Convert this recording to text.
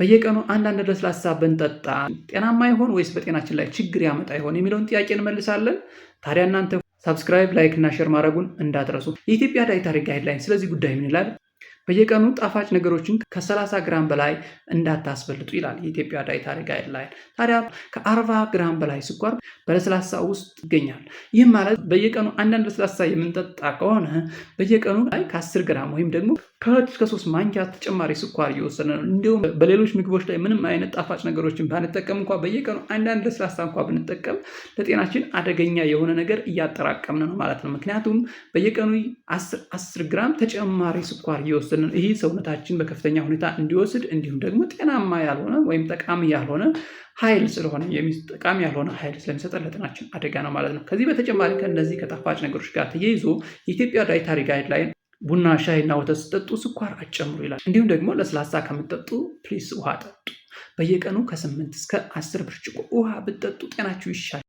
በየቀኑ አንዳንድ ለስላሳ ብንጠጣ ጤናማ ይሆን ወይስ በጤናችን ላይ ችግር ያመጣ ይሆን የሚለውን ጥያቄ እንመልሳለን። ታዲያ እናንተ ሳብስክራይብ፣ ላይክ እና ሼር ማድረጉን እንዳትረሱ። የኢትዮጵያ ዳይታሪ ጋይድላይን ስለዚህ ጉዳይ ምን ይላል? በየቀኑ ጣፋጭ ነገሮችን ከ30 ግራም በላይ እንዳታስበልጡ ይላል የኢትዮጵያ ዳይታሪ ጋይድላይን። ታዲያ ከ40 ግራም በላይ ስኳር በለስላሳ ውስጥ ይገኛል። ይህም ማለት በየቀኑ አንዳንድ ለስላሳ የምንጠጣ ከሆነ በየቀኑ ላይ ከ10 ግራም ወይም ደግሞ ከሁለት እስከ ሶስት ማንኪያ ተጨማሪ ስኳር እየወሰነ ነው። እንዲሁም በሌሎች ምግቦች ላይ ምንም አይነት ጣፋጭ ነገሮችን ባንጠቀም እንኳ በየቀኑ አንዳንድ ለስላሳ እንኳ ብንጠቀም ለጤናችን አደገኛ የሆነ ነገር እያጠራቀምን ነው ማለት ነው። ምክንያቱም በየቀኑ 10 ግራም ተጨማሪ ስኳር እየወሰነ ስንል ይህ ሰውነታችን በከፍተኛ ሁኔታ እንዲወስድ እንዲሁም ደግሞ ጤናማ ያልሆነ ወይም ጠቃሚ ያልሆነ ኃይል ስለሆነ ጠቃሚ ያልሆነ ኃይል ስለሚሰጠን ለጤናችን አደጋ ነው ማለት ነው። ከዚህ በተጨማሪ ከእነዚህ ከጣፋጭ ነገሮች ጋር ተያይዞ የኢትዮጵያ ዳይታሪ ጋይድላይን ቡና፣ ሻይ እና ወተት ስጠጡ ስኳር አጨምሩ ይላል። እንዲሁም ደግሞ ለስላሳ ከምጠጡ ፕሊስ ውሃ ጠጡ። በየቀኑ ከስምንት እስከ አስር ብርጭቆ ውሃ ብጠጡ ጤናችሁ ይሻል።